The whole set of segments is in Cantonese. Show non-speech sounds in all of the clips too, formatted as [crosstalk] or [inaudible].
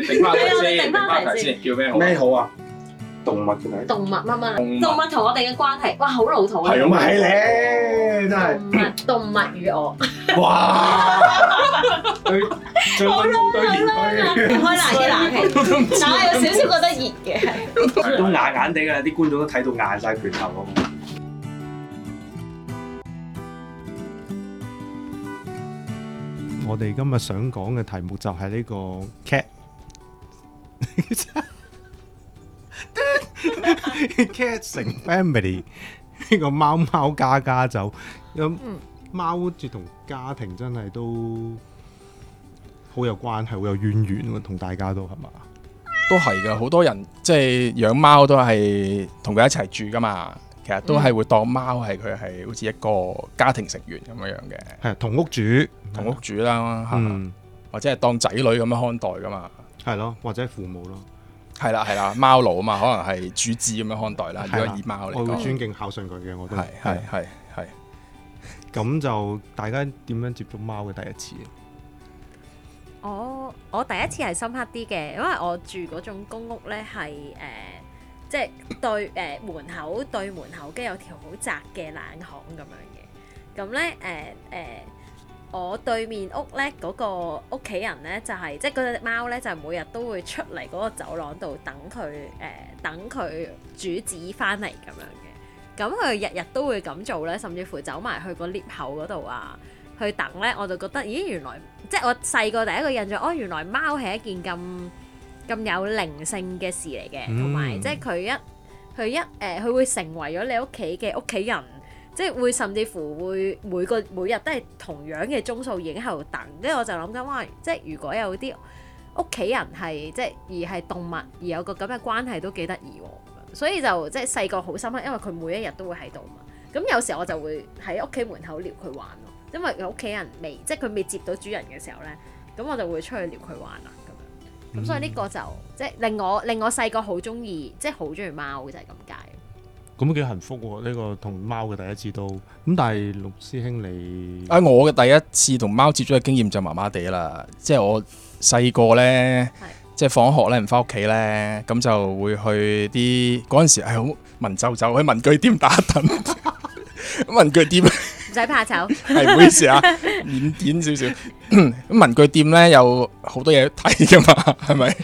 你定翻嚟先，叫咩好？咩好啊？動物嘅名。動物乜乜？動物同我哋嘅關係，哇！好老土啊。係啊，乜閪咧？真係。動物動物與我。哇！對，好啦，對，對，開冷氣啦，其實，有少少覺得熱嘅。都硬硬地嘅，啲觀眾都睇到硬晒，拳頭咁。我哋今日想講嘅題目就係呢個 c [laughs] CAT x FAMILY 呢個貓貓家家酒，咁貓即係同家庭真係都好有關係，好有淵源同、嗯、大家都係嘛，都係噶，好多人即係養貓都係同佢一齊住噶嘛。其實都係會當貓係佢係好似一個家庭成員咁樣樣嘅，係、嗯、同屋主同屋主啦，吓、嗯、或者係當仔女咁樣看待噶嘛。係咯，或者父母咯，係啦係啦，貓奴啊嘛，可能係主子咁樣看待啦，如果 [laughs] 的以貓嚟，我會尊敬孝順佢嘅。我覺得係係係係。咁就大家點樣接觸貓嘅第一次？我我第一次係深刻啲嘅，因為我住嗰種公屋咧，係誒即係對誒、呃、門口對門口，跟住有條好窄嘅冷巷咁樣嘅，咁咧誒誒。呃呃我對面屋咧嗰個屋企人咧就係，即係嗰隻貓咧就每日都會出嚟嗰個走廊度等佢誒，等佢主子翻嚟咁樣嘅。咁佢日日都會咁做咧，甚至乎走埋去個 lift 口嗰度啊，去等咧。我就覺得，咦，原來即係我細個第一個印象，哦，原來貓係一件咁咁有靈性嘅事嚟嘅，同埋即係佢一佢一誒，佢會成為咗你屋企嘅屋企人。即係會甚至乎會每個每日都係同樣嘅鐘數影喺度等，即係我就諗緊哇，即係如果有啲屋企人係即係而係動物而有個咁嘅關係都幾得意喎，所以就即係細個好深刻，因為佢每一日都會喺度嘛。咁有時我就會喺屋企門口撩佢玩咯，因為屋企人未即係佢未接到主人嘅時候咧，咁我就會出去撩佢玩啦咁樣。咁所以呢個就即係令我令我細個好中意，即係好中意貓就係咁解。咁幾幸福喎？呢、呢個同貓嘅第一次都咁，但係六師兄你，哎，我嘅第一次同貓接觸嘅經驗就麻麻地啦，即係我細個咧，是即係放學咧唔翻屋企咧，咁就會去啲嗰陣時係好、哎、文縐縐去文具店打躉 [laughs] 店， [laughs] [laughs] [coughs] 文具店唔使怕醜，係唔好意思啊，腼腆少少，咁文具店咧有好多嘢睇㗎嘛，係咪？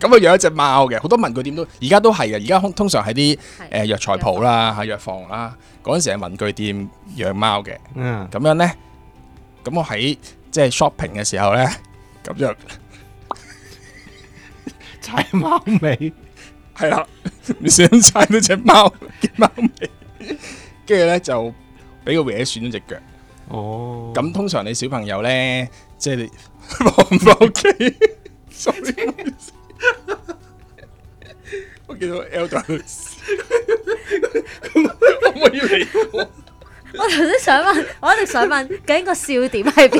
咁啊，養一隻貓嘅，好多文具店都而家都係啊，而家通通常係啲誒藥材鋪啦，喺藥房啦，嗰陣時係文具店養貓嘅。嗯，咁樣咧，咁我喺即係 shopping 嘅時候咧，咁就踩貓尾，係啦，想踩到隻貓嘅貓尾，跟住咧就俾個嘢損咗隻腳。哦，咁通常你小朋友咧，即係你放唔放機？sorry。叫做 Elders，我唔要你。我頭先想問，我一直想問，究竟個笑點喺邊？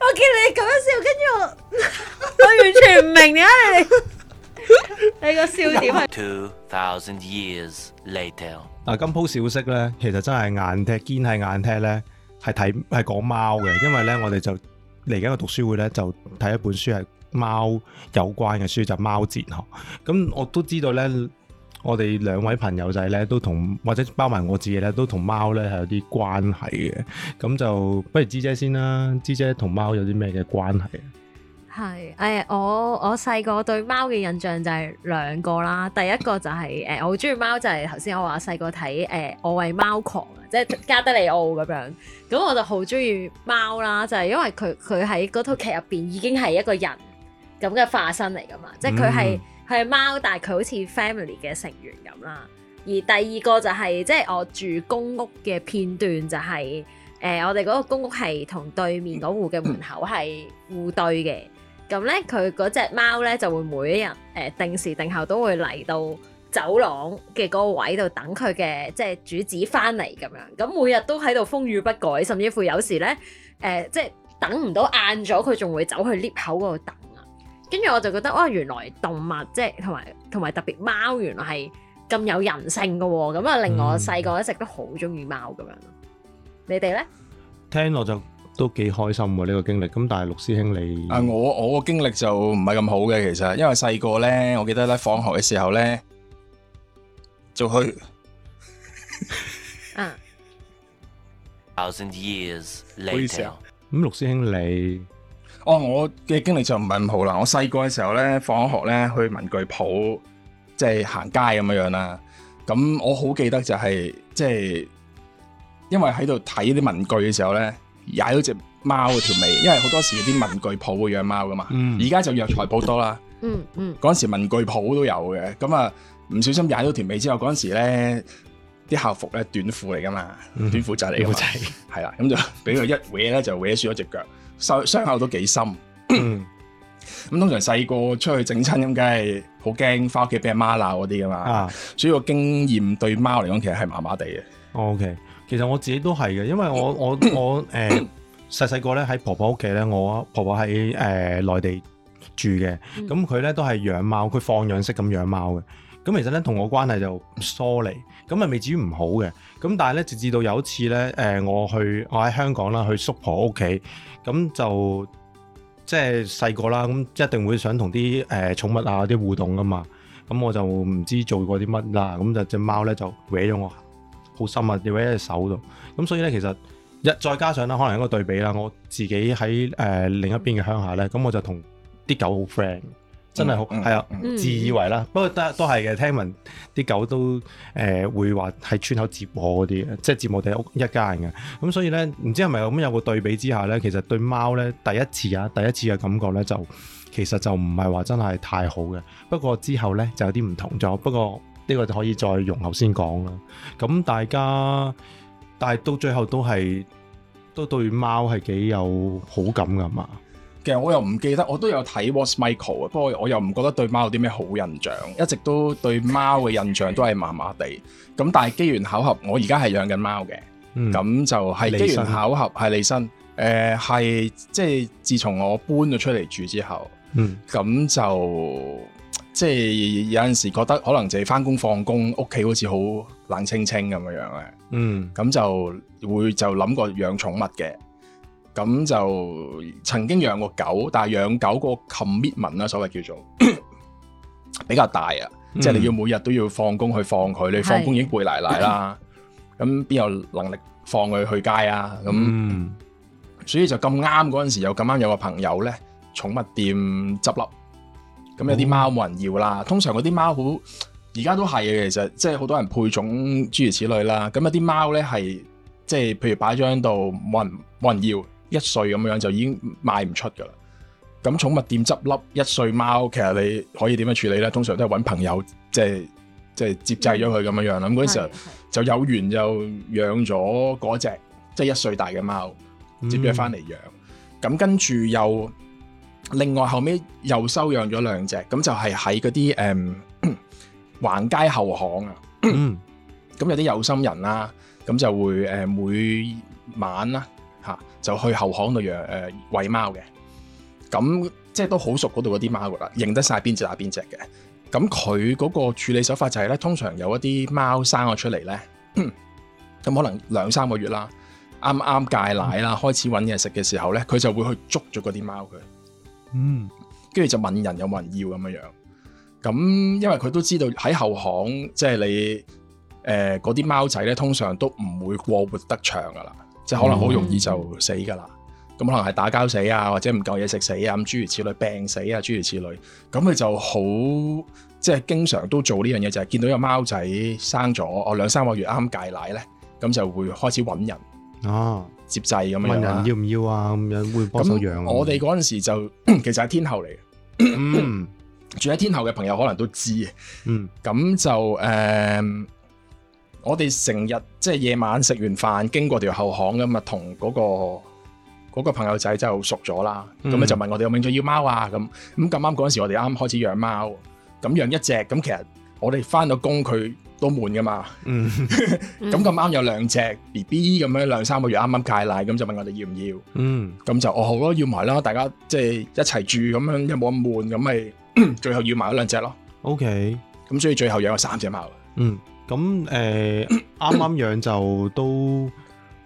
我見你咁樣笑，跟住我，我完全唔明你。你個笑點係？Two thousand years later。啊，今鋪小息咧，其實真係硬 tag，堅係硬 tag 咧，係睇係講貓嘅，因為咧，我哋就嚟緊個讀書會咧，就睇一本書係。貓有關嘅書就是《貓哲學》嗬，咁我都知道呢。我哋兩位朋友仔呢，都同或者包埋我自己咧都同貓呢，係有啲關係嘅。咁就不如芝姐先啦，芝姐同貓有啲咩嘅關係啊？係誒、哎，我我細個對貓嘅印象就係兩個啦。第一個就係、是、誒、呃，我好中意貓就係頭先我話細個睇誒《我為貓狂》即、就、係、是、加德利奧咁樣。咁我就好中意貓啦，就係、是、因為佢佢喺嗰套劇入邊已經係一個人。咁嘅化身嚟噶嘛。即係佢係係貓，但係佢好似 family 嘅成員咁啦。而第二個就係即係我住公屋嘅片段就係、是、誒、呃，我哋嗰個公屋係同對面嗰戶嘅門口係互對嘅。咁咧，佢嗰隻貓咧就會每一日誒定時定候都會嚟到走廊嘅嗰個位度等佢嘅即係主子翻嚟咁樣。咁每日都喺度風雨不改，甚至乎有時咧誒、呃，即係等唔到晏咗，佢仲會走去 lift 口嗰度等。跟住我就覺得哇，原來動物即係同埋同埋特別貓，原來係咁有人性嘅喎，咁啊令我細個一直都好鍾意貓咁樣。你哋咧？聽落就都幾開心喎呢個經歷。咁但係陸師兄你啊，我我個經歷就唔係咁好嘅其實，因為細個咧，我記得咧放學嘅時候咧就去嗯 thousand years later 咁陸師兄你。哦，oh, 我嘅經歷就唔係咁好啦。我細個嘅時候咧，放學咧去文具鋪，即係行街咁樣樣啦。咁我好記得就係、是、即係，因為喺度睇啲文具嘅時候咧，踩到隻貓嘅條尾。因為好多時啲文具鋪會養貓噶嘛。而家、嗯、就藥材鋪多啦、嗯。嗯嗯。嗰陣時文具鋪都有嘅，咁啊唔小心踩到條尾之後，嗰陣時咧啲校服咧短褲嚟噶嘛，短褲仔嚟嘅嘛仔。係啦、嗯。咁就俾佢一崴咧，就崴損咗隻腳。傷傷口都幾深、嗯，咁通常細個出去整親咁，梗係好驚翻屋企俾阿媽鬧嗰啲噶嘛，所以個經驗對貓嚟講其實係麻麻地嘅。OK，其實我自己都係嘅，因為我我我誒細細個咧喺婆婆屋企咧，我婆婆喺誒、呃、內地住嘅，咁佢咧都係養貓，佢放養式咁養貓嘅，咁其實咧同我關係就疏離。咁咪未至於唔好嘅，咁但係咧直至到有一次咧，誒我去我喺香港啦，去叔婆屋企，咁就即係細個啦，咁一定會想同啲誒寵物啊啲互動噶、啊、嘛，咁我就唔知做過啲乜啦，咁就隻貓咧就搣咗我，好深啊，搣喺隻手度，咁所以咧其實一再加上啦，可能一個對比啦，我自己喺誒、呃、另一邊嘅鄉下咧，咁我就同啲狗好 friend。真係好，係啊、嗯，自以為啦。嗯、不過都都係嘅，聽聞啲狗都誒、呃、會話喺村口接我嗰啲，即係接我哋屋一家人嘅。咁所以呢，唔知係咪咁有個對比之下呢？其實對貓呢，第一次啊，第一次嘅感覺呢，就其實就唔係話真係太好嘅。不過之後呢，就有啲唔同咗。不過呢個就可以再用頭先講啦。咁大家但係到最後都係都對貓係幾有好感㗎嘛？其實我又唔記得，我都有睇 What's Michael 啊，不過我又唔覺得對貓有啲咩好印象，一直都對貓嘅印象都係麻麻地。咁但係機緣巧合，我而家係養緊貓嘅，咁、嗯、就係機緣巧合係利身。誒係、呃、即係自從我搬咗出嚟住之後，咁、嗯、就即係有陣時覺得可能就係返工放工，屋企好似好冷清清咁樣樣嘅，咁、嗯、就會就諗過養寵物嘅。咁就曾經養過狗，但係養狗個 commitment 啦，所謂叫做 [coughs] 比較大啊，嗯、即係你要每日都要放工去放佢，你放工已經攰瀨瀨啦，咁邊 [coughs] 有能力放佢去街啊？咁、嗯、所以就咁啱嗰陣時，有咁啱有個朋友咧，寵物店執笠，咁有啲貓冇人要啦。哦、通常嗰啲貓好，而家都係其實即係好多人配種諸如此類啦。咁有啲貓咧係即係譬如擺咗喺度冇人冇人要。一歲咁樣就已經賣唔出噶啦，咁寵物店執笠，一歲貓，其實你可以點樣處理咧？通常都係揾朋友，即係即係接濟咗佢咁樣樣啦。咁嗰陣就有緣就養咗嗰隻即係一歲大嘅貓接咗返嚟養，咁、嗯、跟住又另外後尾又收養咗兩隻，咁就係喺嗰啲誒橫街後巷啊，咁、嗯、 [coughs] 有啲有心人啦，咁就會誒、呃、每晚啦。就去後巷度養誒、呃、餵貓嘅，咁即係都好熟嗰度嗰啲貓噶啦，認得晒邊隻啊，邊隻嘅。咁佢嗰個處理手法就係、是、咧，通常有一啲貓生咗出嚟咧，咁可能兩三個月啦，啱啱戒奶啦，開始搵嘢食嘅時候咧，佢就會去捉咗嗰啲貓佢，嗯，跟住就問人有冇人要咁樣樣。咁因為佢都知道喺後巷，即係你誒嗰啲貓仔咧，通常都唔會過活得長噶啦。即係可能好容易就死噶啦，咁、嗯、可能係打交死啊，或者唔夠嘢食死啊，咁諸如此類，病死啊，諸如此類，咁佢就好，即係經常都做呢樣嘢就係、是、見到有個貓仔生咗，哦兩三個月啱戒奶咧，咁就會開始搵人接濟啊接濟咁，問人要唔要啊咁樣會幫手養啊。樣啊我哋嗰陣時就其實係天后嚟嘅、嗯， [coughs] 住喺天后嘅朋友可能都知，嗯咁就誒。嗯我哋成日即係夜晚食完飯經過條後巷咁啊，同嗰、嗰個、嗰個朋友仔就熟咗啦。咁咧、嗯、就問我哋有冇興趣要貓啊？咁咁咁啱嗰陣時，我哋啱啱開始養貓，咁養一隻咁，其實我哋返到工佢都悶噶嘛。咁咁啱有兩隻 B B 咁樣兩三個月啱啱戒奶，咁就問我哋要唔要？嗯，咁就哦好咯，要埋啦，大家即係一齊住咁樣有有，有冇咁悶？咁咪最後要埋咗兩隻咯。O K，咁所以最後養咗三隻貓。嗯。咁誒，啱啱養就都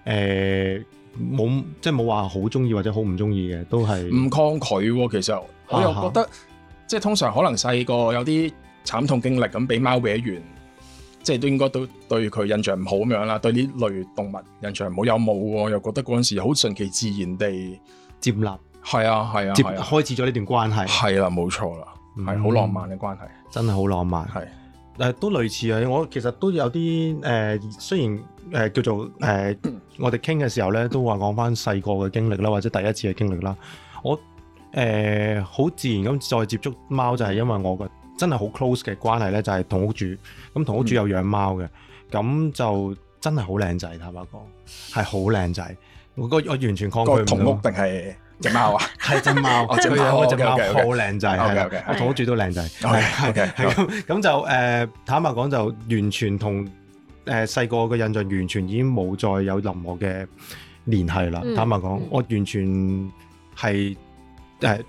誒，冇、嗯、即係冇話好中意或者好唔中意嘅，都係唔抗拒。其實我又覺得，啊、哈即係通常可能細個有啲慘痛經歷，咁俾貓搲完，即係都應該對對佢印象唔好咁樣啦。對呢類動物印象唔好有冇？我又覺得嗰陣時好順其自然地接納，係啊係啊，啊啊接啊開始咗呢段關係，係啦冇錯啦，係好、啊、浪漫嘅關係、嗯，真係好浪漫係。誒，都類似啊！我其實都有啲誒、呃，雖然誒、呃、叫做誒、呃，我哋傾嘅時候咧，都話講返細個嘅經歷啦，或者第一次嘅經歷啦。我誒好、呃、自然咁再接觸貓，就係、是、因為我個真係好 close 嘅關係咧，就係同屋主咁，同屋主有養貓嘅，咁、嗯、就真係好靚仔，坦白講係好靚仔。我、那個、我完全抗拒同屋定係？隻貓啊，係隻貓，最養嗰隻貓好靚仔，我抱住都靚仔，係，係咁，咁就誒，坦白講就完全同誒細個嘅印象完全已經冇再有任何嘅聯繫啦。坦白講，我完全係誒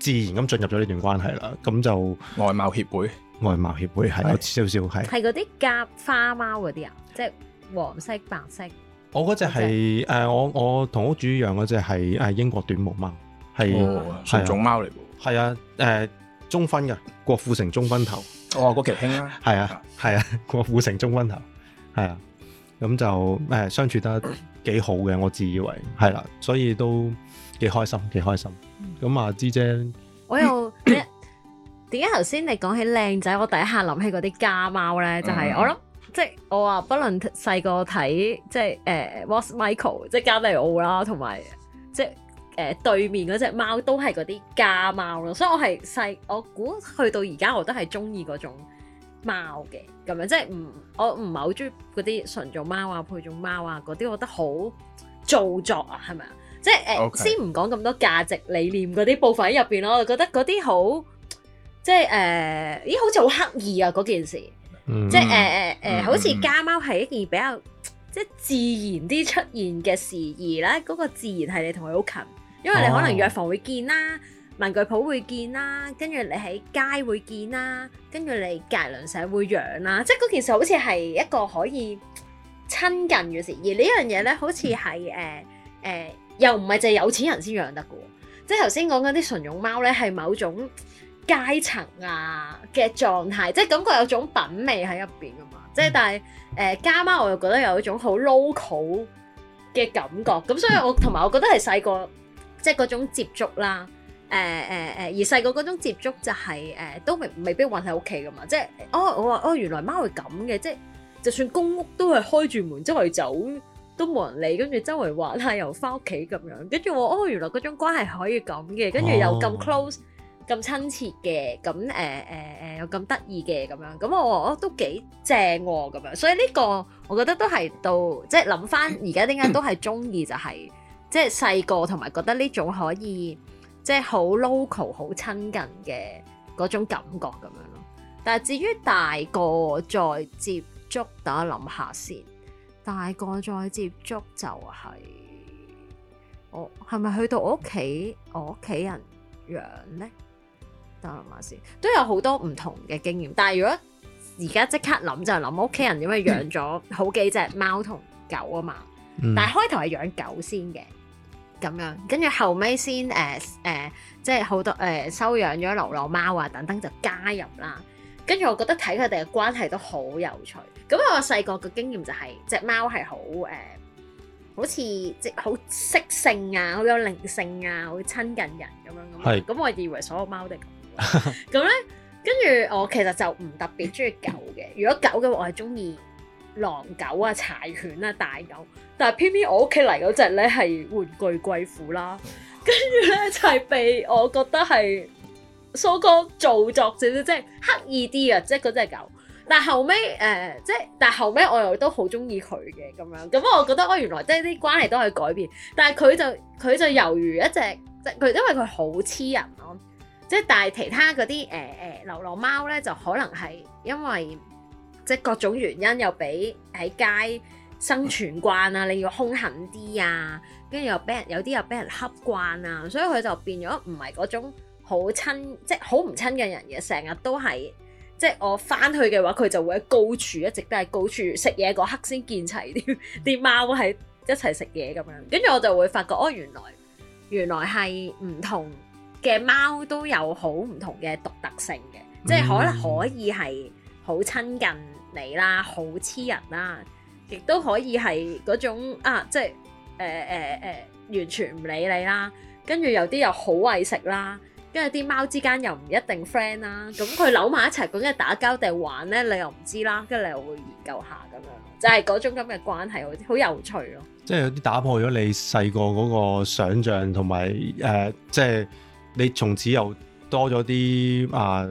自然咁進入咗呢段關係啦。咁就外貌協會，外貌協會係有少少係，係嗰啲夾花貓嗰啲啊，即係黃色、白色。我嗰隻係誒，我我同屋主養嗰隻係誒英國短毛貓，係純種貓嚟，係、哦、啊，誒中、啊呃、中分嘅郭富城中分頭，哦郭其興啦、啊，係啊係啊郭富城中分頭，係啊咁就誒、呃、相處得幾好嘅，我自以為係啦、啊，所以都幾開心幾開心，咁啊，芝姐我又點解頭先你講 [coughs] 起靚仔，我第一下諗起嗰啲家貓咧，就係我諗。 [coughs] 即係我話，不論細個睇即係誒，What's Michael 即係加利奧啦，同埋即係誒、uh, 對面嗰隻貓都係嗰啲家貓咯，所以我係細，我估去到而家我都係中意嗰種貓嘅咁樣，即係唔，我唔係好中意嗰啲純種貓啊、配種貓啊嗰啲、啊 uh, Okay.，我覺得好造作啊，係咪啊？即係誒，先唔講咁多價值理念嗰啲部分喺入邊咯，我覺得嗰啲好即係誒，咦好似好刻意啊嗰件事。嗯、即係誒誒誒，呃呃呃嗯、好似家貓係一件比較即係自然啲出現嘅事，而咧嗰個自然係你同佢好近，因為你可能藥房會見啦，哦、文具鋪會見啦，跟住你喺街會見啦，跟住你隔籬鄰舍會養啦，即係嗰件事好似係一個可以親近嘅事，而呢樣嘢咧好似係誒誒，又唔係淨係有錢人先養得噶，即係頭先講嗰啲純種貓咧係某種。階層啊嘅狀態，即係感覺有種品味喺入邊噶嘛，即係、嗯、但係誒、呃、家貓我又覺得有一種好 local 嘅感覺，咁所以我同埋我覺得係細個即係嗰種接觸啦，誒誒誒，而細個嗰種接觸就係、是、誒、呃、都未未必韞喺屋企噶嘛，即係哦我話哦原來貓係咁嘅，即係就算公屋都係開住門周圍走，都冇人理，跟住周圍玩下又翻屋企咁樣，跟住我哦原來嗰種關係可以咁嘅，跟住又咁 close。咁親切嘅，咁誒誒誒又咁得意嘅咁樣，咁我我都幾正喎、啊、咁樣，所以呢個我覺得都係到即係諗返而家點解都係鍾意就係即係細個同埋覺得呢種可以即係、就、好、是、local 好親近嘅嗰種感覺咁樣咯。但係至於大個再接觸，等我諗下先。大個再接觸就係、是、我係咪去到我屋企，我屋企人養呢？大都有好多唔同嘅經驗，但係如果而家即刻諗就諗屋企人點解養咗好幾隻貓同狗啊嘛。嗯、但係開頭係養狗先嘅咁樣，跟住後尾先誒誒，即係好多誒、呃、收養咗流浪貓啊等等就加入啦。跟住我覺得睇佢哋嘅關係都好有趣。咁我細個嘅經驗就係、是、隻貓係好誒，好似即好識性啊，好有靈性啊，好親近人咁樣咁。咁，是我以為所有貓都咁咧，跟住 [laughs] 我其實就唔特別中意狗嘅。如果狗嘅話，我係中意狼狗啊、柴犬啊、大狗。但偏偏我屋企嚟嗰隻咧係玩具貴婦啦，跟住咧就係、是、被我覺得係蘇哥做作啫，即、就、係、是、刻意啲啊，即係嗰隻狗。但後尾，誒、呃，即係但後尾，我又都好中意佢嘅咁樣。咁我覺得我原來即係啲關係都可以改變。但係佢就佢就猶如一隻即係佢，因為佢好黐人咯、啊。即係，但係其他嗰啲誒誒流浪貓咧，就可能係因為即係各種原因，又俾喺街生存慣啊，你要兇狠啲啊，跟住又俾人有啲又俾人恰慣啊，所以佢就變咗唔係嗰種好親，即係好唔親嘅人嘅。成日都係即係我翻去嘅話，佢就會喺高處，一直都喺高處食嘢。嗰刻先見齊啲啲貓喺一齊食嘢咁樣。跟住我就會發覺，哦，原來原來係唔同。嘅貓都有好唔同嘅獨特性嘅，即係可能可以係好親近你啦，好黐人啦，亦都可以係嗰種啊，即係誒誒誒完全唔理你啦。跟住有啲又好為食啦，跟住啲貓之間又唔一定 friend 啦。咁佢扭埋一齊，咁樣打交定玩咧，你又唔知啦。跟住你又會研究下咁樣，就係嗰種咁嘅關係，好有趣咯。即係有啲打破咗你細個嗰個想像同埋誒，即係。你從此又多咗啲啊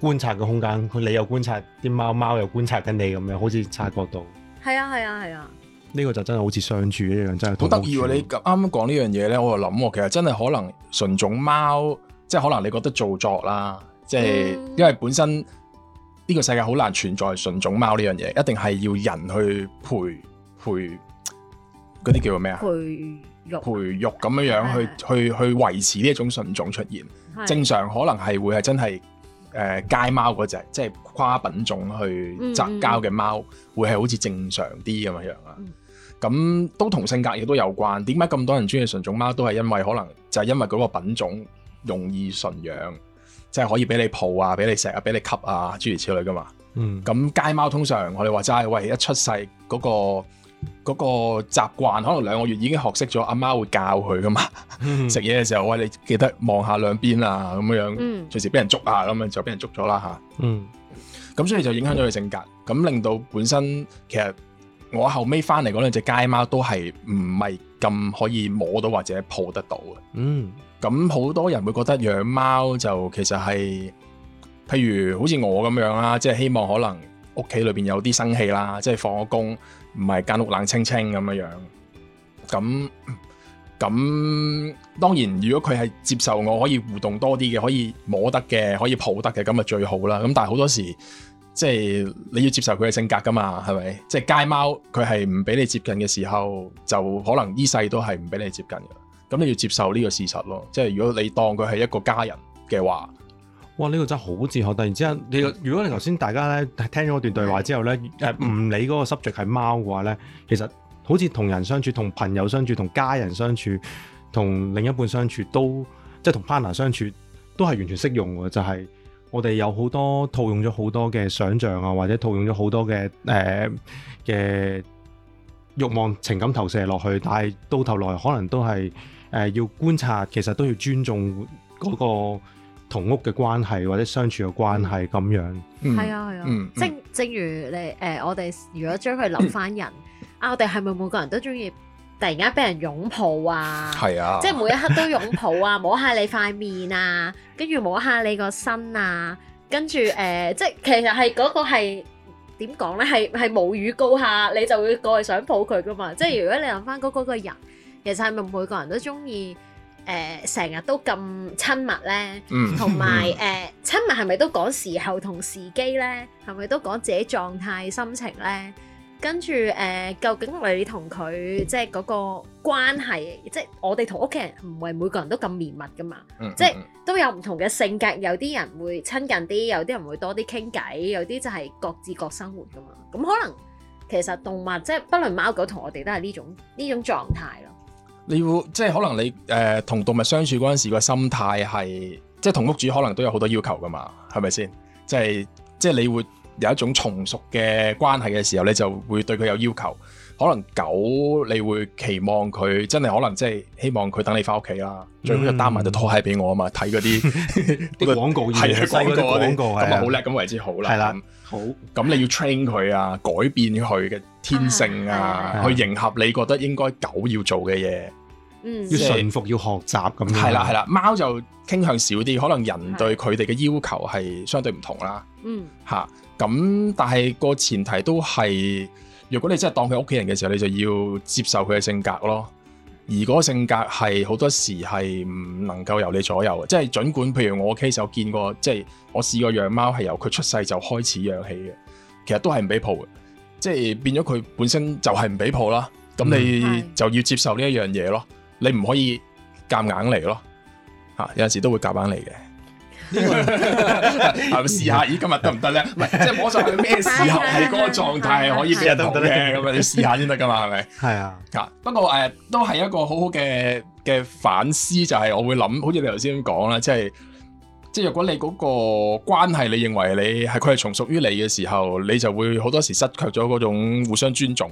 觀察嘅空間，佢你又觀察啲貓，貓又觀察緊你咁樣，好似察覺到。係啊、嗯，係啊，係啊！呢個就真係好似相處一樣，真係好得意喎！你啱啱講呢樣嘢咧，我就諗，其實真係可能純種貓，即係可能你覺得做作啦，即係、嗯、因為本身呢個世界好難存在純種貓呢樣嘢，一定係要人去陪陪嗰啲叫做咩啊？培育咁樣樣去的去去維持呢一種純種出現，的正常可能係會係真係誒、呃、街貓嗰隻，即係跨品種去雜交嘅貓，嗯、會係好似正常啲咁樣、嗯、樣啊。咁都同性格亦都有關。點解咁多人中意純種貓都係因為可能就係因為嗰個品種容易馴養，即、就、係、是、可以俾你抱啊，俾你食啊，俾你吸啊，諸如此類噶嘛。咁、嗯嗯、街貓通常我哋話齋，喂一出世嗰、嗰個。嗰個習慣可能兩個月已經學識咗，阿媽會教佢噶嘛。食嘢嘅時候，喂、哎、你記得望下兩邊啊，咁樣樣，隨、嗯、時俾人捉下，咁樣就俾人捉咗啦吓。咁、嗯、所以就影響咗佢性格，咁令到本身其實我後尾翻嚟嗰兩隻街貓都係唔係咁可以摸到或者抱得到嘅。咁好、嗯、多人會覺得養貓就其實係，譬如好似我咁樣啦，即、就、係、是、希望可能屋企裏邊有啲生氣啦，即係放咗工。唔係間屋冷清清咁樣樣，咁咁當然，如果佢係接受我可以互動多啲嘅，可以摸得嘅，可以抱得嘅，咁咪最好啦。咁但係好多時，即係你要接受佢嘅性格噶嘛，係咪？即係街貓佢係唔俾你接近嘅時候，就可能呢世都係唔俾你接近嘅。咁你要接受呢個事實咯。即係如果你當佢係一個家人嘅話。哇！呢、這個真係好哲學。突然之間，你如果你頭先大家咧聽咗段對話之後咧，誒唔、嗯、理嗰個 subject 係貓嘅話咧，其實好似同人相處、同朋友相處、同家人相處、同另一半相處，都即係同 partner 相處，都係完全適用嘅。就係、是、我哋有好多套用咗好多嘅想像啊，或者套用咗好多嘅誒嘅慾望、情感投射落去，但係到頭來可能都係誒、呃、要觀察，其實都要尊重嗰、那個。同屋嘅關係或者相處嘅關係咁樣，係啊係啊，啊嗯、正正如你誒、呃，我哋如果將佢諗翻人 [laughs] 啊，我哋係咪每個人都中意突然間俾人擁抱啊？係啊，即係每一刻都擁抱啊，摸下你塊面啊，跟住摸下你個身啊，跟住誒，即係其實係嗰個係點講咧？係係無語高下，你就會過去想抱佢噶嘛。 [laughs] 即係如果你諗翻嗰個人，其實係咪每個人都中意？誒，成日、呃、都咁親密咧，同埋誒親密係咪都講時候同時機咧？係咪都講自己狀態心情咧？跟住誒、呃，究竟你同佢即係嗰個關係，即、就、係、是、我哋同屋企人唔係每個人都咁綿密噶嘛？即係、嗯、都有唔同嘅性格，有啲人會親近啲，有啲人會多啲傾偈，有啲就係各自各生活噶嘛。咁可能其實動物即係、就是、不論貓狗同我哋都係呢種呢種狀態咯。你會即係可能你誒同、呃、動物相處嗰陣時個心態係即係同屋主可能都有好多要求㗎嘛，係咪先？即係即係你會有一種從屬嘅關係嘅時候，你就會對佢有要求。可能狗你會期望佢真係可能即係希望佢等你返屋企啦，嗯、最好就擔埋對拖鞋俾我啊嘛，睇嗰啲廣告，係啊，廣告的，廣告咁啊，的好叻咁為之好啦。的好，咁你要 train 佢啊，改變佢嘅天性啊，的去迎合你覺得應該狗要做嘅嘢，嗯就係、要順服，要學習咁樣。係啦，係啦，貓就傾向少啲，可能人對佢哋嘅要求係相對唔同啦。嗯的，嚇的，咁但係個前提都係，如果你真係當佢屋企人嘅時候，你就要接受佢嘅性格咯。而嗰個性格係好多時係唔能夠由你左右嘅，即係儘管譬如我 case，我見過即係我試過養貓係由佢出世就開始養起嘅，其實都係唔俾抱嘅，即係變咗佢本身就係唔俾抱啦。咁你就要接受呢一樣嘢咯，你唔可以夾硬嚟咯，嚇、啊、有陣時都會夾硬嚟嘅。係咪 [laughs] [laughs] 試下行行？咦 [laughs] 不，今日得唔得咧？唔係，即係摸上去咩時候係嗰個狀態可以俾人得唔得嘅咁樣， [laughs] [laughs] [laughs] 要試下先得㗎嘛？係咪？係啊。啊，不過誒、呃，都係一個好好嘅嘅反思，就係、是、我會諗，好似你頭先咁講啦，即係即係若果你嗰個關係，你認為你係佢係從屬於你嘅時候，你就會好多時失卻咗嗰種互相尊重。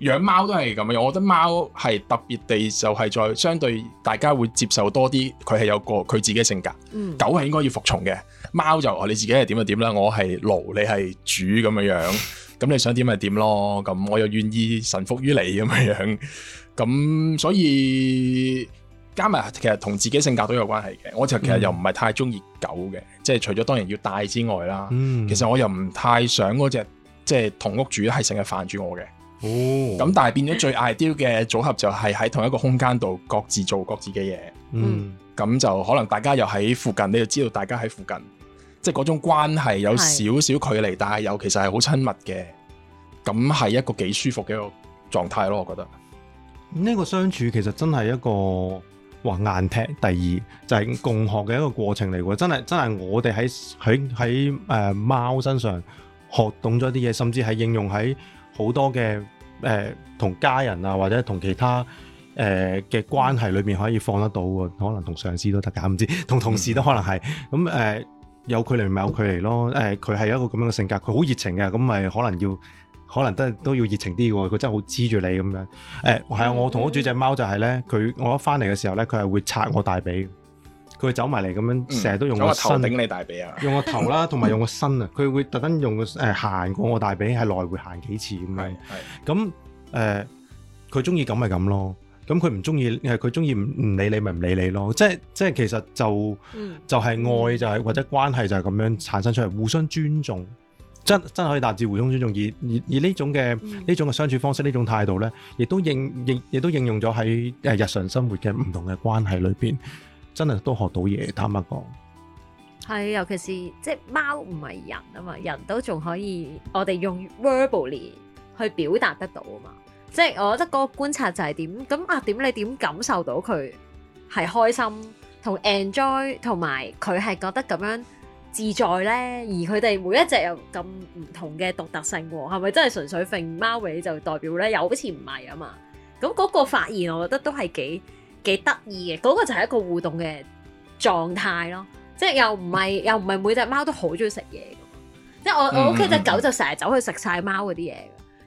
養貓都係咁樣，我覺得貓係特別地就係再相對大家會接受多啲，佢係有個佢自己嘅性格。嗯、狗係應該要服從嘅，貓就話你自己係點就點啦，我係奴，你係主咁樣樣。咁你想點咪點咯？咁我又願意臣服於你咁樣樣。咁所以加埋其實同自己性格都有關係嘅。我就其實又唔係太中意狗嘅，嗯、即係除咗當然要帶之外啦。嗯、其實我又唔太想嗰隻即係同屋主咧，係成日煩住我嘅。哦，咁但係變咗最 ideal 嘅組合就係喺同一個空間度各自做各自嘅嘢，嗯，咁就可能大家又喺附近，你就知道大家喺附近，即係嗰種關係有少少距離，是但係又其實係好親密嘅，咁係一個幾舒服嘅一個狀態咯，我覺得。呢、嗯呢個相處其實真係一個話硬 tag，第二就係、是、共學嘅一個過程嚟喎，真係真係我哋喺喺喺誒貓身上學懂咗啲嘢，甚至係應用喺好多嘅。誒同家人啊，或者同其他誒嘅、呃、關係裏面可以放得到喎，可能同上司都得㗎，唔知同同事都可能係咁誒有距離咪有距離咯。誒佢係一個咁樣嘅性格，佢好熱情嘅，咁咪可能要可能都都要熱情啲喎。佢真係好黐住你咁樣。誒係啊，我同屋主隻貓就係、是、咧，佢我一翻嚟嘅時候咧，佢係會拆我大髀。佢走埋嚟咁樣，成日、嗯、都用個頭頂你大髀啊！用個頭啦，同埋用個身啊！佢會特登用個誒行、呃、過我大髀，係來回行幾次咁、 [laughs] 呃、樣。咁誒，佢中意咁咪咁咯。咁佢唔中意佢中意唔理你咪唔理你咯。即係即係，其實就、嗯、就係愛、就是，就係或者關係就係咁樣產生出嚟，互相尊重，真真係可以達至互相尊重。而而呢種嘅呢種嘅、嗯、相處方式，種態呢種態度咧，亦都應都應亦都應用咗喺誒日常生活嘅唔同嘅關係裏邊。真係都學到嘢，坦白講，係尤其是即係貓唔係人啊嘛，人都仲可以我哋用 verbally 去表達得到啊嘛，即係我覺得嗰個觀察就係點咁啊，點你點感受到佢係開心同 enjoy，同埋佢係覺得咁樣自在咧，而佢哋每一隻又咁唔同嘅獨特性，係咪真係純粹揈貓尾就代表咧，又好似唔係啊嘛？咁嗰個發現，我覺得都係幾。幾得意嘅，嗰個就係一個互動嘅狀態咯，即係又唔係又唔係每隻貓都好中意食嘢嘅，即係我我屋企隻狗就成日走去食晒貓嗰啲嘢，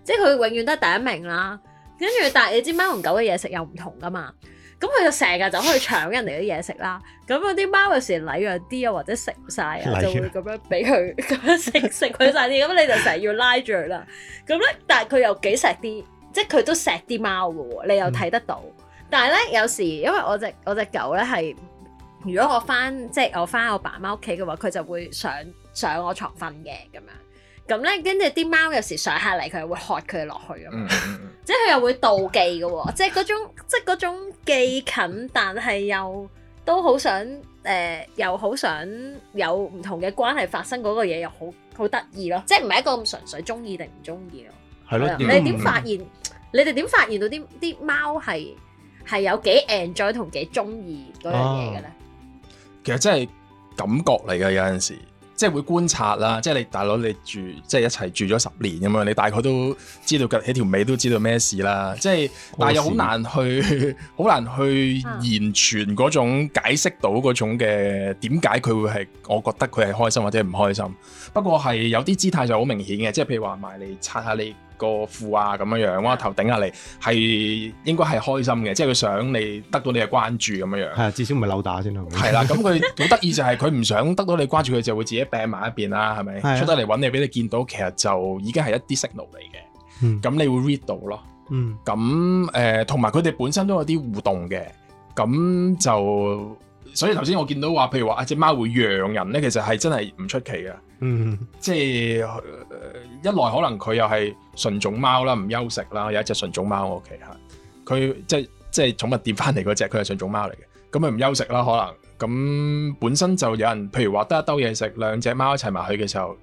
即係佢永遠都係第一名啦。跟住但係你知貓同狗嘅嘢食又唔同噶嘛，咁佢就成日走去搶人哋嗰啲嘢食啦。咁嗰啲貓有時禮讓啲啊，或者食唔晒，晒就會咁樣俾佢咁樣食食佢晒啲，咁你就成日要拉住佢啦。咁咧，但係佢又幾錫啲，即係佢都錫啲貓噶喎，你又睇得到。嗯但係咧，有時因為我隻我隻狗咧，係如果我翻即係我翻我爸媽屋企嘅話，佢就會上上我床瞓嘅咁樣。咁咧，跟住啲貓有時上下嚟，佢又會喝佢落去咁 [laughs] 即係佢又會妒忌嘅喎。即係嗰種即係嗰種，種既近，但係又都好想誒、呃，又好想有唔同嘅關係發生嗰個嘢，又好好得意咯。即係唔係一個咁純粹中意定唔中意咯？係咯的。你點發現？嗯、你哋點發， [laughs] 發現到啲啲貓係？係有幾 enjoy 同幾中意嗰樣嘢嘅咧？其實真係感覺嚟嘅，有陣時即係會觀察啦。嗯、即係你大佬，你住即係一齊住咗十年咁樣，你大概都知道趌起條尾都知道咩事啦。即係、嗯、但係又好難去，好難去完全嗰種解釋到嗰種嘅點解佢會係我覺得佢係開心或者唔開心。不過係有啲姿態就好明顯嘅，即係譬如話埋你擦下你。個副啊咁樣樣，哇！頭頂下你係應該係開心嘅，即係佢想你得到你嘅關注咁樣樣。係啊，至少唔係扭打先咯。係啦，咁佢好得意就係佢唔想得到你關注，佢就會自己病埋一邊啦，係咪？出得嚟揾你俾你見到，其實就已經係一啲 signal 嚟嘅。咁你會 read 到咯。嗯。咁誒，同埋佢哋本身都有啲互動嘅。咁就所以頭先我見到話，譬如話啊，隻貓會養人咧，其實係真係唔出奇嘅。嗯，即係一來可能佢又係純種貓啦，唔休息啦，有一隻純種貓我屋企吓，佢即係即係寵物店翻嚟嗰隻，佢係純種貓嚟嘅，咁佢唔休息啦，可能咁本身就有人，譬如話得一兜嘢食，兩隻貓一齊埋去嘅時候，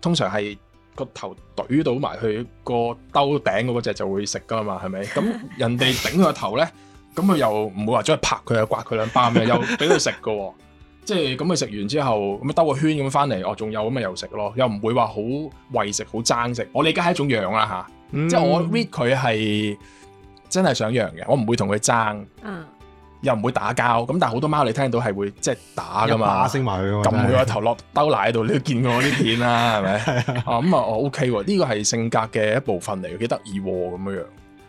通常係個頭懟到埋去個兜頂嗰隻就會食噶啦嘛，係咪？咁人哋頂佢個頭咧，咁佢又唔會話中意拍佢啊，刮佢兩巴又俾佢食噶。 [laughs] 即係咁佢食完之後，咁兜個圈咁翻嚟，我仲有咁啊又食咯，又唔會話好餵食，好爭食。我理解係一種讓啦吓，即係我 read 佢係真係想讓嘅，我唔會同佢爭，又唔會打交。咁但係好多貓你聽到係會即係打㗎嘛，聲埋佢㗎嘛。咁佢個頭落兜奶度，你都見過我啲片啦，係咪？哦咁啊，OK 喎，呢個係性格嘅一部分嚟，幾得意喎咁樣樣。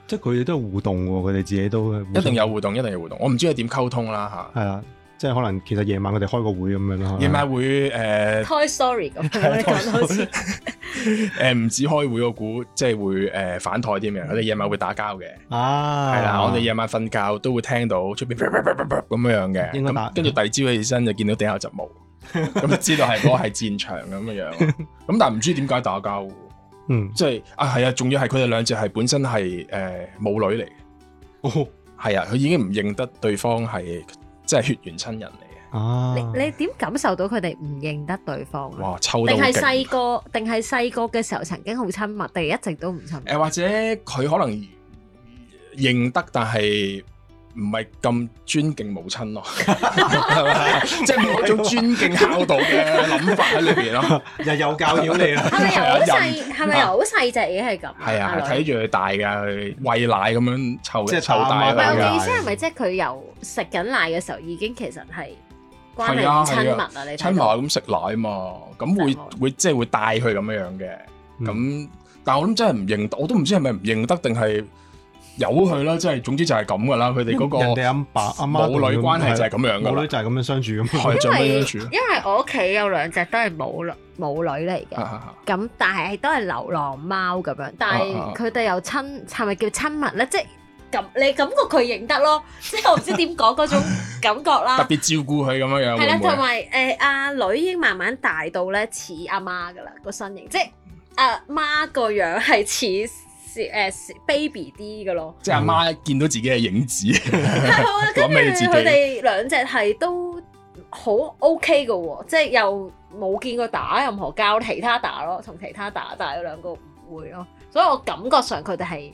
即係佢哋都互動喎，佢哋自己都一定有互動，一定有互動。我唔知佢點溝通啦吓。係啊。即係可能，其實夜晚佢哋開個會咁樣咯。夜晚會誒，sorry 咁樣講，好似誒唔止開會我估，即係會誒反台啲咩？佢哋夜晚會打交嘅。啊，係啦，我哋夜晚瞓覺都會聽到出邊咁樣樣嘅。咁跟住第二朝起身就見到地下有集毛，咁就知道係嗰係戰場咁樣樣。咁但係唔知點解打交？嗯，即係啊，係啊，仲要係佢哋兩隻係本身係誒母女嚟嘅。哦，係啊，佢已經唔認得對方係。即係血緣親人嚟嘅，啊。你你點感受到佢哋唔認得對方，啊？哇！秋冬勁。定係細個，定係細個嘅時候曾經好親密，定係一直都唔親密。誒，或者佢可能認得，但係。唔係咁尊敬母親咯，係嘛？即係冇一種尊敬孝道嘅諗法喺裏邊咯。又又教曉你啦，係咪又好細？係咪又好細隻已經係咁？係啊，睇住佢大㗎，佢餵奶咁樣湊，即係湊大啦。唔係我意思係咪即係佢由食緊奶嘅時候已經其實係關係咁親密啊？你親密咁食奶嘛？咁會會即係會帶佢咁樣嘅。咁但係我諗真係唔認得，我都唔知係咪唔認得定係。有佢啦，即係總之就係咁噶啦。佢哋嗰個人哋阿爸阿媽母女關係就係咁樣，母女就係咁樣相處咁。係做咩相處啊？因為因為我屋企有兩隻都係母女母女嚟嘅，咁但係都係流浪貓咁樣。但係佢哋又親，係咪叫親密咧？即係咁你感覺佢認得咯，即係我唔知點講嗰種感覺啦。特別照顧佢咁樣樣係啦，同埋誒阿女已經慢慢大到咧似阿媽噶啦個身形，即係阿媽個樣係似。是 baby 啲嘅咯，欸、寶寶即係阿媽見到自己嘅影子，跟住佢哋兩隻係都好 OK 嘅喎、哦，即係又冇見過打任何交，其他打咯，同其他打，但係兩個唔會咯、啊，所以我感覺上佢哋係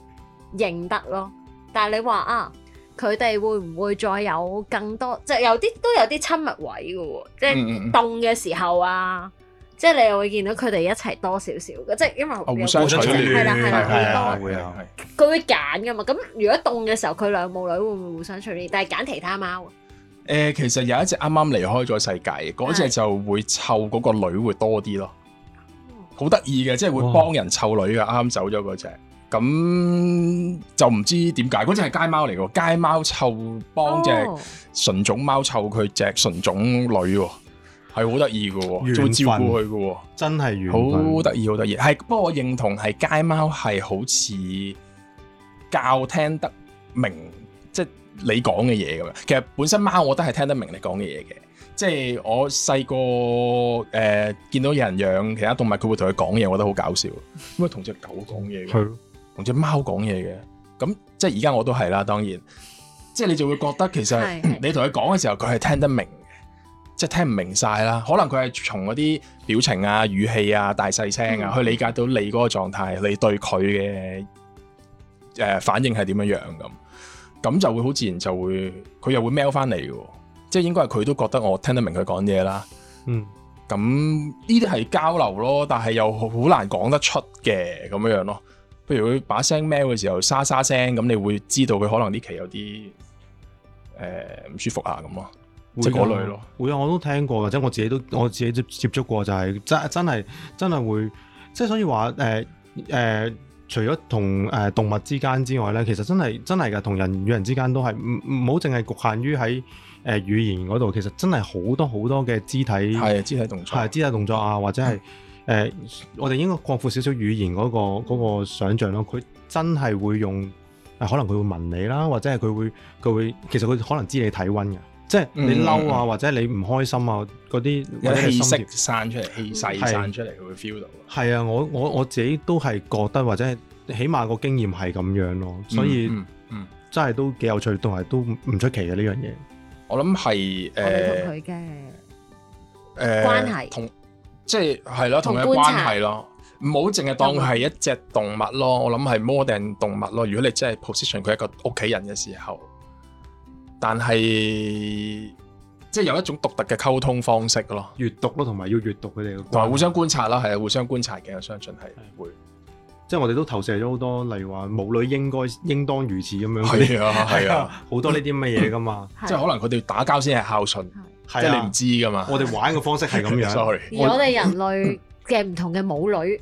認得咯。但係你話啊，佢哋會唔會再有更多？即係有啲都有啲親密位嘅喎，即係動嘅時候啊。嗯即係你又會見到佢哋一齊多少少，即係因為互相取暖，係啦係啦，會啊會啊，佢會揀噶嘛。咁如果凍嘅時候，佢兩母女會唔會互相取暖？但係揀其他貓誒，其實有一隻啱啱離開咗世界，嗰隻就會湊嗰個女會多啲咯，好得意嘅，即係會幫人湊女噶。啱啱走咗嗰隻，咁就唔知點解嗰隻係街貓嚟嘅街貓湊幫隻純種貓湊佢隻純種女。係好得意嘅喎，做分照顧佢嘅喎，真係好得意，好得意。係，不過我認同係街貓係好似較聽得明，即係你講嘅嘢咁樣。其實本身貓我都係聽得明你講嘅嘢嘅。即係我細個誒見到有人養其他動物，佢會同佢講嘢，我覺得好搞笑。咁咪同隻狗講嘢嘅，同隻 [laughs] 貓講嘢嘅。咁的即係而家我都係啦，當然，即係你就會覺得其實的你同佢講嘅時候，佢係聽得明。即係聽唔明晒，啦，可能佢係從嗰啲表情啊、語氣啊、大細聲啊，去理解到你嗰個狀態，你對佢嘅誒反應係點樣樣咁，咁就會好自然就會，佢又會喵翻嚟嘅，即係應該係佢都覺得我聽得明佢講嘢啦。嗯，咁呢啲係交流咯，但係又好難講得出嘅咁樣樣咯。譬如佢把聲喵嘅時候沙沙聲，咁你會知道佢可能呢期有啲誒唔舒服啊咁咯。會，即個類咯，會啊，我都聽過，或者我自己都我自己接接觸過，就係、是、真真係真係會，即係所以話誒誒，除咗同誒動物之間之外咧，其實真係真係噶，同人與人之間都係唔唔好淨係局限於喺誒語言嗰度。其實真係好多好多嘅肢體係肢體動作係肢體動作啊，或者係誒、嗯呃，我哋應該擴闊少少語言嗰、那個、那個想象咯。佢真係會用，可能佢會聞你啦，或者係佢會佢會，其實佢可能知你體溫嘅。即係你嬲啊，或者你唔開心啊，嗰啲氣息散出嚟，氣勢散出嚟，佢會 feel 到。係啊，我我我自己都係覺得，或者係起碼個經驗係咁樣咯，所以真係都幾有趣，同埋都唔出奇嘅呢樣嘢。我諗係誒，同佢嘅誒關係，同即係係咯，同佢關係咯，唔好淨係當佢係一隻動物咯。我諗係 more than 動物咯。如果你真係 position 佢一個屋企人嘅時候。但係即係有一種獨特嘅溝通方式咯，閱讀咯，同埋要閱讀佢哋，嘅。同埋互相觀察啦，係啊，互相觀察嘅，我相信係會。即係我哋都投射咗好多，例如話母女應該、應當如此咁樣嗰啲，啊，係啊，好 [laughs] 的多呢啲乜嘢噶嘛。 [coughs] 即係可能佢哋打交先係孝順，即係的的你唔知噶嘛。我哋玩嘅方式係咁樣。 [laughs] sorry，而我哋人類嘅唔同嘅母女。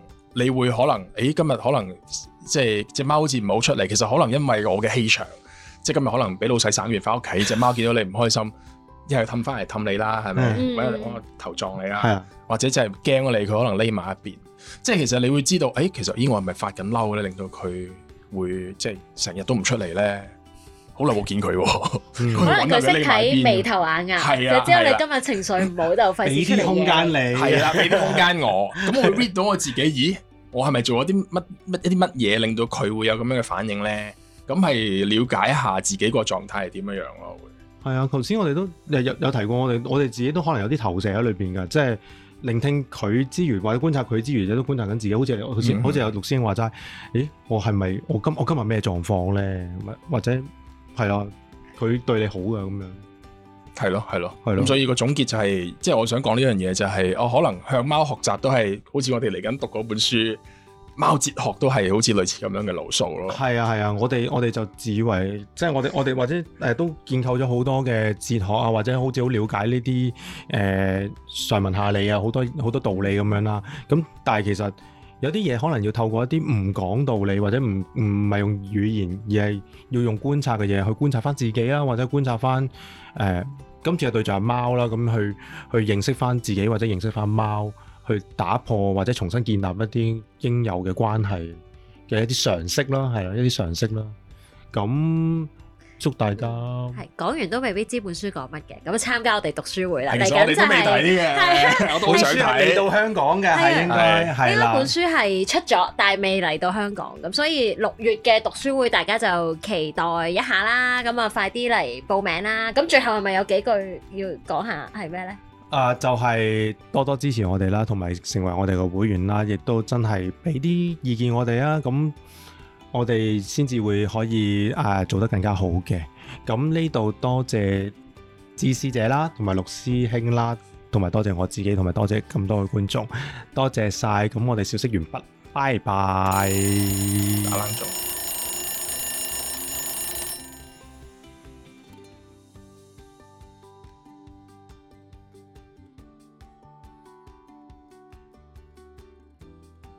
你會可能，誒、欸、今日可能即係隻貓好似唔好出嚟，其實可能因為我嘅氣場，即係今日可能俾老細省完翻屋企，隻 [laughs] 貓見到你唔開心，一係氹翻嚟氹你啦，係咪？或者你揾個頭撞你啦，Yeah. 或者就係驚你，佢可能匿埋一邊。即係其實你會知道，誒、欸、其實我係咪發緊嬲咧，令到佢會即係成日都唔出嚟咧。好耐冇見佢喎、啊，可能佢識睇眉頭眼眼、啊，就只有你今日情緒唔好就費事出嘢。俾啲空間你，係啦、 [laughs] 啊，俾啲空間我。咁我 [laughs] read 到我自己，咦，我係咪做咗啲乜乜一啲乜嘢，令到佢會有咁樣嘅反應咧？咁係了解一下自己個狀態係點樣樣咯。係啊，頭先、啊、我哋都有有提過我，我哋我哋自己都可能有啲投射喺裏邊噶，即、就、係、是、聆聽佢之餘或者觀察佢之餘，亦都觀察緊自己。好似、嗯、哼好似有陸師兄話齋，咦，我係咪我今我今日咩狀況咧？或者？係啊，佢對你好噶，咁樣，係咯，係咯，係咯，所以個總結就係、是，即、就、係、是、我想講呢樣嘢就係、是，我、哦、可能向貓學習都係，好似我哋嚟緊讀嗰本書貓哲學都係好似類似咁樣嘅路數咯。係啊係啊，我哋我哋就自以為，即係我哋我哋或者誒、呃、都建構咗好多嘅哲學啊，或者好似好了解呢啲誒上文下理啊，好多好多道理咁樣啦。咁但係其實。有啲嘢可能要透過一啲唔講道理或者唔唔係用語言，而係要用觀察嘅嘢去觀察翻自己啦，或者觀察翻誒今次嘅對象係貓啦，咁去去認識翻自己或者認識翻貓，去打破或者重新建立一啲應有嘅關係嘅一啲常識囉，係啦，一啲常識囉，咁。祝大家！係講完都未必知本書講乜嘅，咁參加我哋讀書會啦，嚟緊真係，我都好想睇嚟到香港嘅，係應該係。應該本書係出咗，但係未嚟到香港，咁所以六月嘅讀書會，大家就期待一下啦。咁啊，快啲嚟報名啦！咁最後係咪有幾句要講下？係咩咧？誒，就係多多支持我哋啦，同埋成為我哋嘅會員啦，亦都真係俾啲意見我哋啊！咁。我哋先至會可以誒、啊、做得更加好嘅。咁呢度多謝知師姐啦，同埋六師兄啦，同埋多謝我自己，同埋多謝咁多位觀眾，多謝晒。咁我哋小息完畢，拜拜。